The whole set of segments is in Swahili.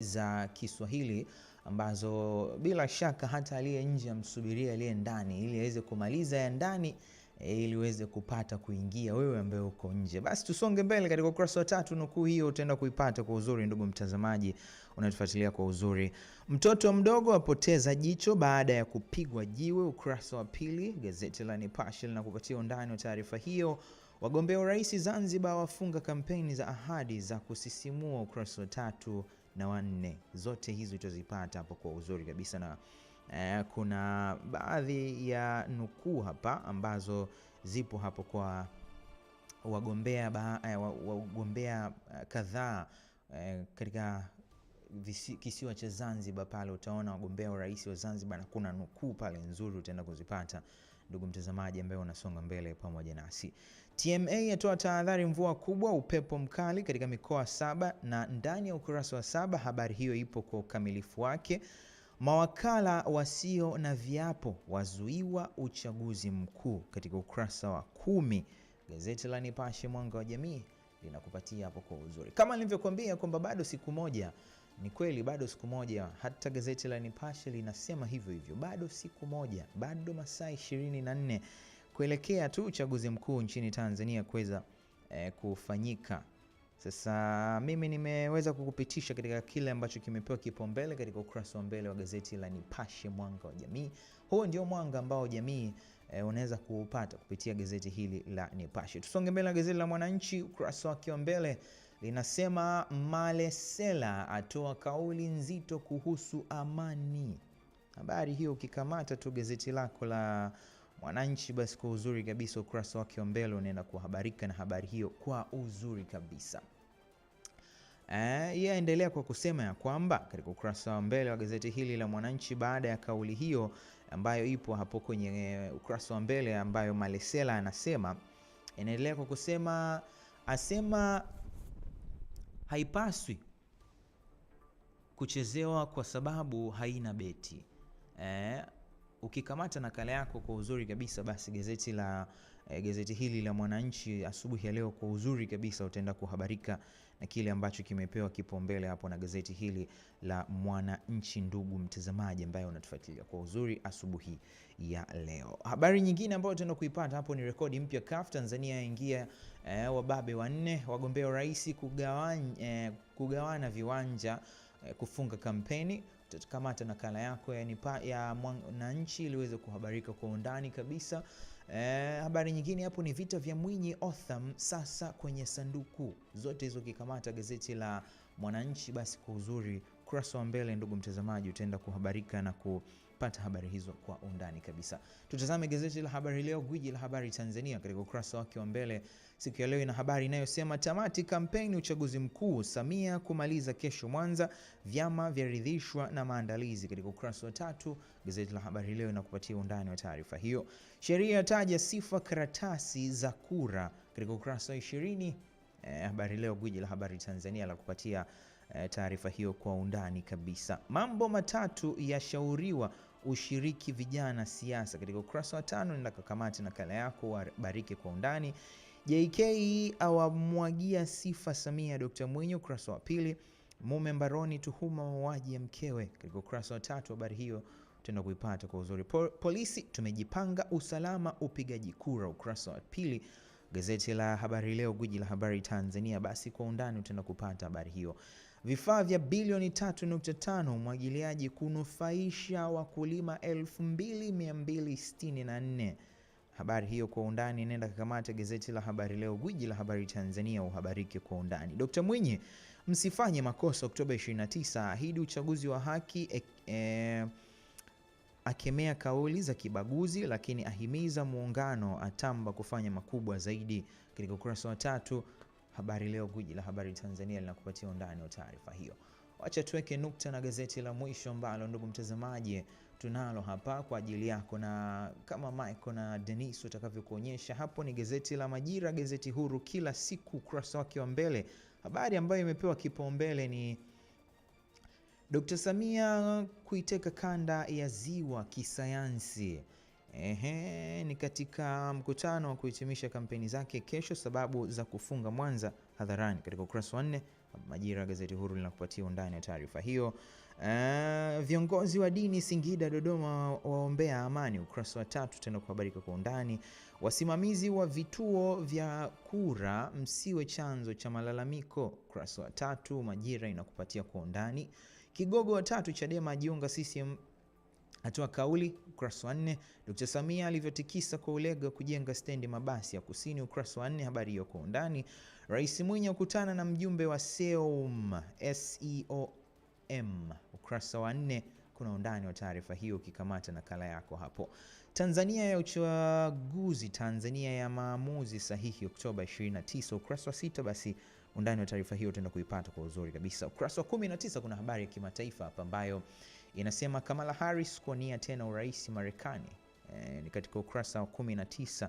za Kiswahili ambazo bila shaka hata aliye nje amsubiria aliye ndani ili aweze kumaliza ya ndani eh, ili uweze kupata kuingia wewe ambaye uko nje. Basi tusonge mbele katika ukurasa wa tatu. Nukuu hiyo utaenda kuipata kwa uzuri, ndugu mtazamaji, unatufuatilia kwa uzuri. Mtoto mdogo apoteza jicho baada ya kupigwa jiwe, ukurasa wa pili. Gazeti la Nipashe linakupatia undani wa taarifa hiyo. Wagombea urais Zanzibar wafunga kampeni za ahadi za kusisimua, ukurasa wa tatu na wanne. Zote hizi utazipata hapo kwa uzuri kabisa na eh, kuna baadhi ya nukuu hapa ambazo zipo hapo kwa wagombea, ba, eh, wagombea eh, kadhaa eh, katika Visi, kisiwa cha Zanzibar pale utaona wagombea urais wa Zanzibar na kuna nukuu pale nzuri utaenda kuzipata, ndugu mtazamaji ambaye unasonga mbele pamoja nasi. TMA yatoa tahadhari mvua kubwa, upepo mkali katika mikoa saba, na ndani ya ukurasa wa saba habari hiyo ipo kwa ukamilifu wake. Mawakala wasio na viapo wazuiwa uchaguzi mkuu, katika ukurasa wa kumi. Gazeti la Nipashe Mwanga wa Jamii linakupatia hapo kwa uzuri, kama nilivyokuambia kwamba bado siku moja. Ni kweli bado siku moja, hata gazeti la Nipashe linasema hivyo hivyo, bado siku moja, bado masaa 24 kuelekea tu uchaguzi mkuu nchini Tanzania kuweza eh, kufanyika. Sasa mimi nimeweza kukupitisha katika kile ambacho kimepewa kipaumbele katika ukurasa wa mbele wa gazeti la Nipashe Mwanga wa Jamii. Huo ndio mwanga ambao jamii e, unaweza kuupata kupitia gazeti hili la Nipashe. Tusonge mbele na gazeti la Mwananchi, ukurasa wake wa mbele linasema Malesela atoa kauli nzito kuhusu amani. Habari hiyo ukikamata tu gazeti lako la Mwananchi basi kwa uzuri kabisa ukurasa wake wa mbele unaenda kuhabarika na habari hiyo kwa uzuri kabisa. Eh, aendelea kwa kusema ya kwamba katika ukurasa wa mbele wa gazeti hili la Mwananchi, baada ya kauli hiyo ambayo ipo hapo kwenye eh, ukurasa wa mbele ambayo Malesela anasema, inaendelea kwa kusema asema haipaswi kuchezewa kwa sababu haina beti. eh, ukikamata nakala yako kwa uzuri kabisa, basi gazeti la e, gazeti hili la Mwananchi asubuhi ya leo kwa uzuri kabisa utaenda kuhabarika na kile ambacho kimepewa kipaumbele hapo na gazeti hili la Mwananchi, ndugu mtazamaji ambaye unatufuatilia kwa uzuri asubuhi ya leo. Habari nyingine ambayo utaenda kuipata hapo ni rekodi mpya, kaf Tanzania yaingia e, wababe wanne, wagombea urahisi kugawanya, e, eh, kugawana viwanja e, kufunga kampeni tutakamata nakala yako ya, nipa, ya Mwananchi ili uweze kuhabarika kwa undani kabisa. E, habari nyingine hapo ni vita vya Mwinyi Otham sasa kwenye sanduku. Zote hizo ukikamata gazeti la Mwananchi, basi kwa uzuri kurasa wa mbele, ndugu mtazamaji, utaenda kuhabarika na ku pata habari hizo kwa undani kabisa. Tutazame gazeti la Habari Leo, gwiji la habari Tanzania, katika ukurasa wake wa mbele siku ya leo ina habari inayosema tamati kampeni uchaguzi mkuu, Samia kumaliza kesho Mwanza, vyama vyaridhishwa na maandalizi. Katika ukurasa wa tatu gazeti la Habari Leo inakupatia undani wa taarifa hiyo. Sheria yataja sifa karatasi za kura, katika ukurasa wa ishirini eh, Habari Leo gwiji la habari Tanzania la kupatia eh, taarifa hiyo kwa undani kabisa. Mambo matatu yashauriwa ushiriki vijana siasa. Katika ukurasa wa tano nenda kakamati nakala yako bariki kwa undani. JK awamwagia sifa Samia Dr. Mwinyi, ukurasa wa pili. Mume mbaroni tuhuma mauaji ya mkewe. Katika ukurasa wa tatu habari hiyo tenda kuipata kwa uzuri. Polisi tumejipanga usalama upigaji kura, ukurasa wa pili. Gazeti la Habari Leo, gwiji la habari Tanzania, basi kwa undani utaenda kupata habari hiyo. Vifaa vya bilioni 3.5 umwagiliaji kunufaisha wakulima 2264. Habari hiyo kwa undani inaenda kakamata gazeti la Habari Leo, gwiji la habari Tanzania, uhabarike kwa undani. Dkt Mwinyi, msifanye makosa Oktoba 29, ahidi uchaguzi wa haki e, e, akemea kauli za kibaguzi, lakini ahimiza muungano, atamba kufanya makubwa zaidi. Katika ukurasa wa tatu Habari Leo, gwiji la habari Tanzania, linakupatia undani wa taarifa hiyo. Wacha tuweke nukta na gazeti la mwisho ambalo ndugu mtazamaji tunalo hapa kwa ajili yako, na kama Michael na Denis watakavyokuonyesha hapo, ni gazeti la Majira, gazeti huru kila siku, ukurasa wake wa mbele. Habari ambayo imepewa kipaumbele ni Dkt. Samia kuiteka kanda ya ziwa kisayansi. Ehe, ni katika mkutano wa kuhitimisha kampeni zake kesho, sababu za kufunga Mwanza hadharani. Katika ukurasa wa nne Majira gazeti huru linakupatia undani ya taarifa hiyo. Uh, viongozi wa dini Singida, Dodoma waombea amani, ukurasa wa tatu. Tena kuhabarika kwa undani, wasimamizi wa vituo vya kura msiwe chanzo cha malalamiko, ukurasa wa tatu. Majira inakupatia kwa undani. Kigogo wa tatu Chadema ajiunga CCM Atoa kauli ukurasa wa nne. Dkt Samia alivyotikisa kwa ulega kujenga stendi mabasi ya Kusini, ukurasa wa nne. Habari hiyo kwa undani. Rais Mwinyi akutana na mjumbe wa SEOM, SEOM, ukurasa wa nne. Kuna undani wa taarifa hiyo ukikamata nakala yako hapo. Tanzania ya uchaguzi, Tanzania ya maamuzi sahihi, Oktoba 29, ukurasa wa sita. Basi undani wa taarifa hiyo utaenda kuipata kwa uzuri kabisa. Ukurasa wa 19 kuna habari ya kimataifa hapa ambayo inasema Kamala Harris kuwania tena urais Marekani. E, ni katika ukurasa wa 19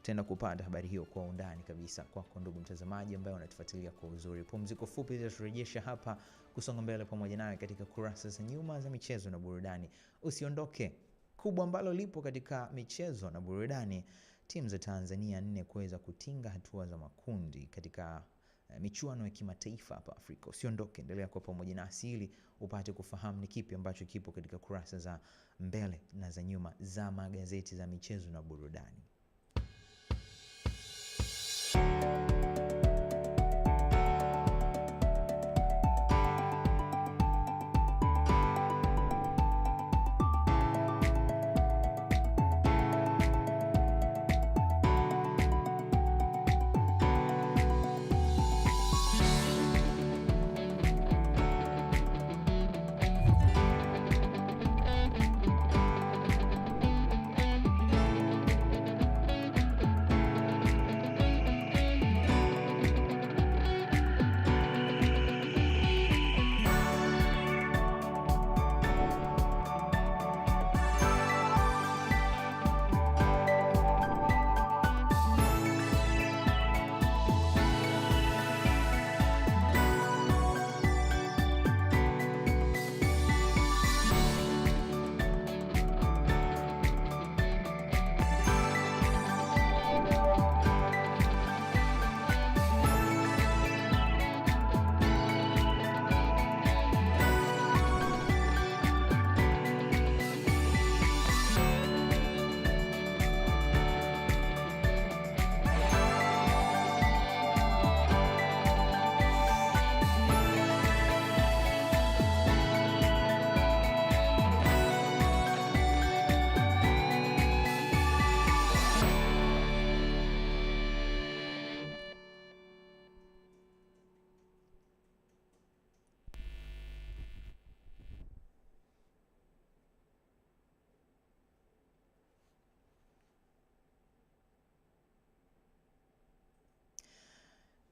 utaenda kupata habari hiyo kwa undani kabisa kwako ndugu mtazamaji ambaye unatufuatilia kwa uzuri. Pumziko fupi litaturejesha hapa kusonga mbele pamoja nawe katika kurasa za nyuma za michezo na burudani. Usiondoke. Kubwa ambalo lipo katika michezo na burudani, timu za Tanzania nne kuweza kutinga hatua za makundi katika Eh, michuano ya kimataifa hapa Afrika. Usiondoke, endelea kuwa pamoja na asili upate kufahamu ni kipi ambacho kipo katika kurasa za mbele na za nyuma za magazeti za michezo na burudani.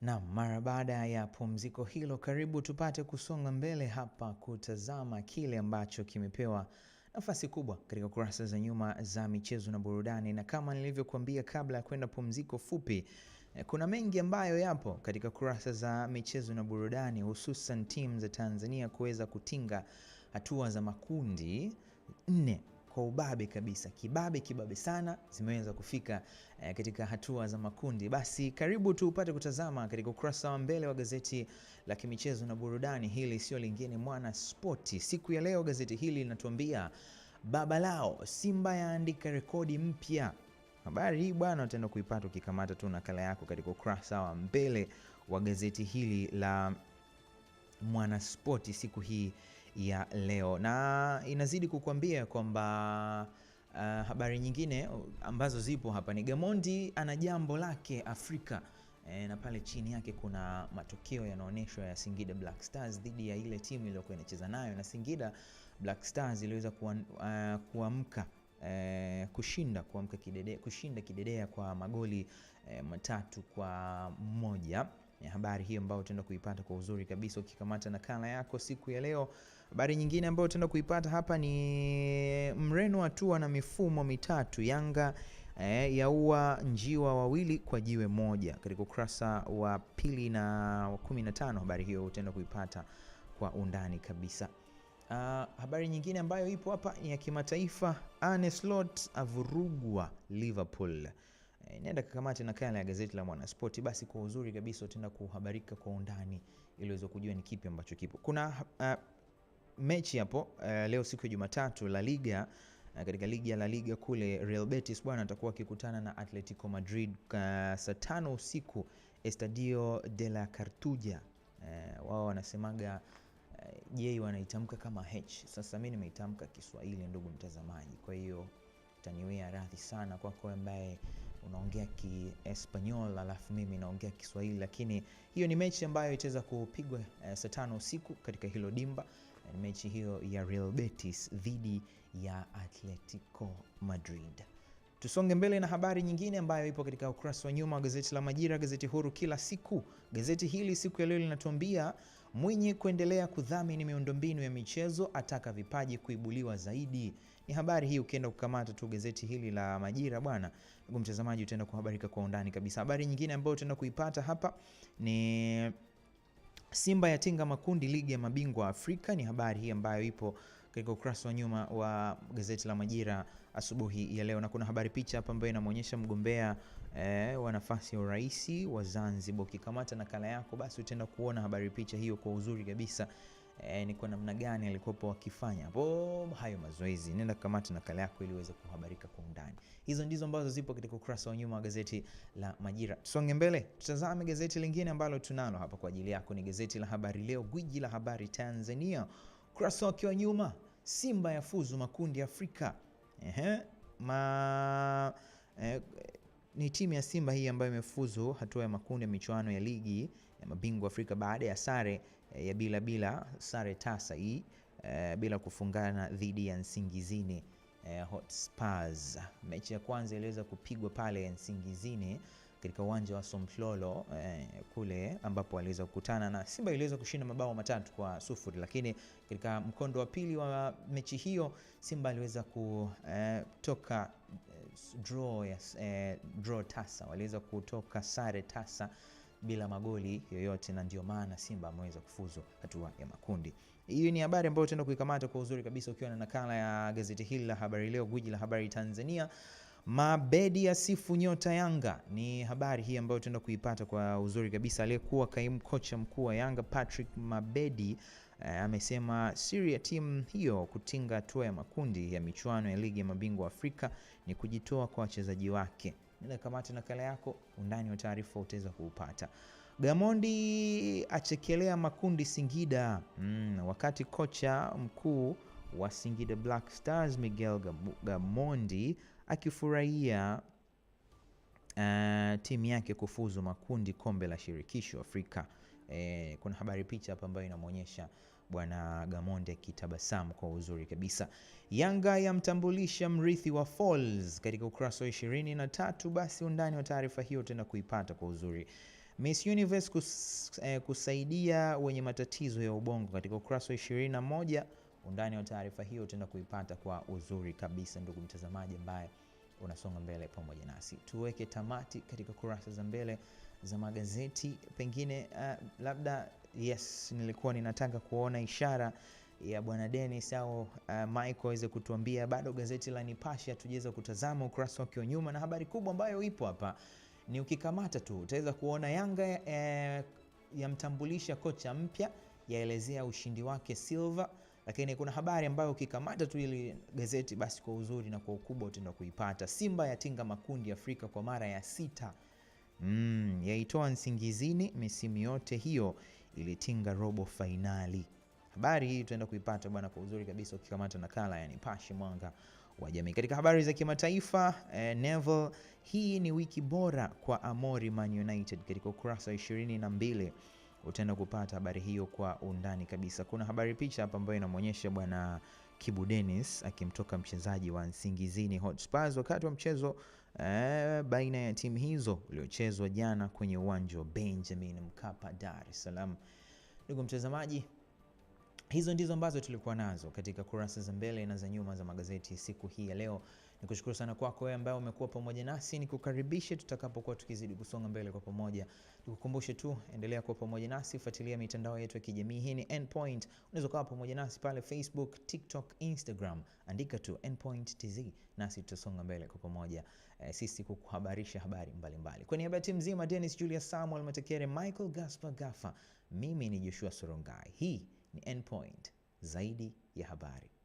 Na mara baada ya pumziko hilo, karibu tupate kusonga mbele hapa kutazama kile ambacho kimepewa nafasi kubwa katika kurasa za nyuma za michezo na burudani, na kama nilivyokuambia kabla ya kwenda pumziko fupi, eh, kuna mengi ambayo yapo katika kurasa za michezo na burudani, hususan timu za Tanzania kuweza kutinga hatua za makundi nne kwa ubabe kabisa, kibabe kibabe sana, zimeweza kufika eh, katika hatua za makundi. Basi karibu tu upate kutazama katika ukurasa wa mbele wa gazeti la kimichezo na burudani, hili sio lingine, Mwana Spoti. Siku ya leo gazeti hili linatuambia baba lao Simba yaandika rekodi mpya. Habari hii bwana, utaenda kuipata ukikamata tu nakala yako katika ukurasa wa mbele wa gazeti hili la Mwanaspoti siku hii ya leo, na inazidi kukuambia kwamba uh, habari nyingine ambazo zipo hapa ni Gamondi ana jambo lake Afrika eh, na pale chini yake kuna matokeo yanaonyeshwa ya Singida Black Stars dhidi ya ile timu iliyokuwa inacheza nayo, na Singida Black Stars iliweza eh, kuamka uh, kushinda kuamka kidede, kushinda kidedea kwa magoli uh, matatu kwa moja. Habari hiyo ambayo utaenda kuipata kwa uzuri kabisa ukikamata nakala yako siku ya leo Habari nyingine ambayo tenda kuipata hapa ni Mreno atua na mifumo mitatu Yanga eh, yaua njiwa wawili kwa jiwe moja katika ukurasa wa pili na wa kumi na tano. Habari hiyo utaenda kuipata kwa undani kabisa. Uh, habari nyingine ambayo ipo hapa ni ya kimataifa. Arne Slot avurugwa Liverpool. Eh, nenda kakamate nakala ya gazeti la Mwanaspoti basi kwa uzuri kabisa, utaenda kuhabarika kwa undani ili uweze kujua ni kipi ambacho kipo kuna uh, mechi hapo uh, leo siku ya Jumatatu La Liga uh, katika ligi ya La Liga kule Real Betis bwana atakuwa akikutana na Atletico Madrid uh, saa tano usiku Estadio de la Cartuja uh, wao wanasemaga uh, J wanaitamka kama H. Sasa mimi nimeitamka Kiswahili ndugu mtazamaji, kwa hiyo taniwia radhi sana kwako kwa ambaye unaongea Kiespanyol alafu mimi naongea Kiswahili, lakini hiyo ni mechi ambayo itaweza kupigwa uh, saa tano usiku katika hilo dimba mechi hiyo ya Real Betis dhidi ya Atletico Madrid. Tusonge mbele na habari nyingine ambayo ipo katika ukurasa wa nyuma wa gazeti la Majira, gazeti huru kila siku. Gazeti hili siku ya leo linatuambia Mwinyi kuendelea kudhamini miundombinu ya michezo, ataka vipaji kuibuliwa zaidi. Ni habari hii ukienda kukamata tu gazeti hili la Majira bwana, ndugu mtazamaji, utaenda kuhabarika kwa undani kabisa. Habari nyingine ambayo utaenda kuipata hapa ni Simba yatinga makundi ligi ya mabingwa Afrika ni habari hii ambayo ipo katika ukurasa wa nyuma wa gazeti la Majira asubuhi ya leo, na kuna habari picha hapa ambayo inamwonyesha mgombea eh, wa nafasi ya urais wa Zanzibar. Ukikamata nakala yako, basi utaenda kuona habari picha hiyo kwa uzuri kabisa e, ni kwa namna gani alikuwepo wakifanya hapo hayo mazoezi. Nenda kamata nakala yako ili uweze kuhabarika kwa undani. Hizo ndizo ambazo zipo katika ukurasa wa nyuma wa gazeti la Majira. Tusonge mbele, tutazame gazeti lingine ambalo tunalo hapa kwa ajili yako, ni gazeti la Habari Leo, gwiji la habari Tanzania. Ukurasa wake wa nyuma, Simba yafuzu makundi Afrika. Ehe, ma eh, ni timu ya Simba hii ambayo imefuzu hatua ya makundi ya michuano ya ligi ya mabingwa Afrika baada ya sare eh, ya bila bila, sare tasa hii e, bila kufungana dhidi ya Nsingizini e, Hotspurs. Mechi ya kwanza iliweza kupigwa pale Nsingizini katika uwanja wa Somhlolo eh, kule ambapo waliweza kukutana na Simba iliweza kushinda mabao matatu kwa sufuri, lakini katika mkondo wa pili wa mechi hiyo Simba aliweza kutoka draw, yes, eh, draw tasa, waliweza kutoka sare tasa bila magoli yoyote, na ndio maana Simba ameweza kufuzu hatua ya makundi. hii ni habari ambayo utaenda kuikamata kwa uzuri kabisa ukiwa na nakala ya gazeti hili la Habari Leo, gwiji la habari Tanzania. Mabedi ya sifu nyota Yanga ni habari hii ambayo tutaenda kuipata kwa uzuri kabisa. Aliyekuwa kaimu kocha mkuu wa Yanga Patrick Mabedi eh, amesema siri ya timu hiyo kutinga hatua ya makundi ya michuano ya ligi ya mabingwa Afrika ni kujitoa kwa wachezaji wake. Nenda kamata nakala yako, undani wa taarifa utaweza kuupata. Gamondi achekelea makundi Singida. Mm, wakati kocha mkuu wa Singida Black Stars Miguel Gamondi akifurahia uh, timu yake kufuzu makundi kombe la shirikisho Afrika E, kuna habari picha hapa ambayo inamwonyesha bwana Gamonde kitabasamu kwa uzuri kabisa. Yanga yamtambulisha mrithi wa Falls katika ukurasa wa ishirini na tatu. Basi undani wa taarifa hiyo tena kuipata kwa uzuri. Miss Universe kus, eh, kusaidia wenye matatizo ya ubongo katika ukurasa wa ishirini na moja. Undani wa taarifa hiyo tena kuipata kwa uzuri kabisa, ndugu mtazamaji ambaye unasonga mbele pamoja nasi, tuweke tamati katika kurasa za mbele za magazeti pengine, uh, labda yes, nilikuwa ninataka kuona ishara ya bwana Dennis au uh, Michael aweze kutuambia. Bado gazeti la Nipashe hatujaweza kutazama ukurasa wake nyuma, na habari kubwa ambayo ipo hapa ni ukikamata tu utaweza kuona Yanga eh, yamtambulisha kocha mpya, yaelezea ushindi wake Silva lakini kuna habari ambayo ukikamata tu ili gazeti basi, kwa uzuri na kwa ukubwa utaenda kuipata. Simba yatinga makundi Afrika kwa mara ya sita mm, yaitoa Nsingizini misimu yote hiyo ilitinga robo fainali. Habari hii tutaenda kuipata bwana kwa uzuri kabisa ukikamata nakala ya Nipashe Mwanga wa Jamii. Katika habari za kimataifa eh, Neville, hii ni wiki bora kwa Amori Man United. Katika ukurasa wa ishirini na mbili utaenda kupata habari hiyo kwa undani kabisa. Kuna habari picha hapa ambayo inamwonyesha bwana Kibu Dennis akimtoka mchezaji wa Nsingizini Hotspurs wakati wa mchezo eh, baina ya timu hizo uliochezwa jana kwenye uwanja wa Benjamin Mkapa, Dar es Salaam. Ndugu mtazamaji, hizo ndizo ambazo tulikuwa nazo katika kurasa za mbele na za nyuma za magazeti siku hii ya leo. Nikushukuru sana kwako wewe ambaye umekuwa pamoja nasi, nikukaribishe tutakapokuwa tukizidi kusonga mbele kwa pamoja. Nikukumbushe tu, endelea kuwa pamoja nasi, fuatilia mitandao yetu ya kijamii. Hii ni Endpoint. unaweza kuwa pamoja nasi pale Facebook, TikTok, Instagram, andika tu Endpoint TZ, nasi tutasonga mbele kwa pamoja, eh, sisi kukuhabarisha habari mbalimbali. Kwa niaba ya timu nzima, Dennis Julius, Samuel Matekere, Michael Gaspar Gafa, mimi ni Joshua Sorongai. Hii ni Endpoint, zaidi ya habari.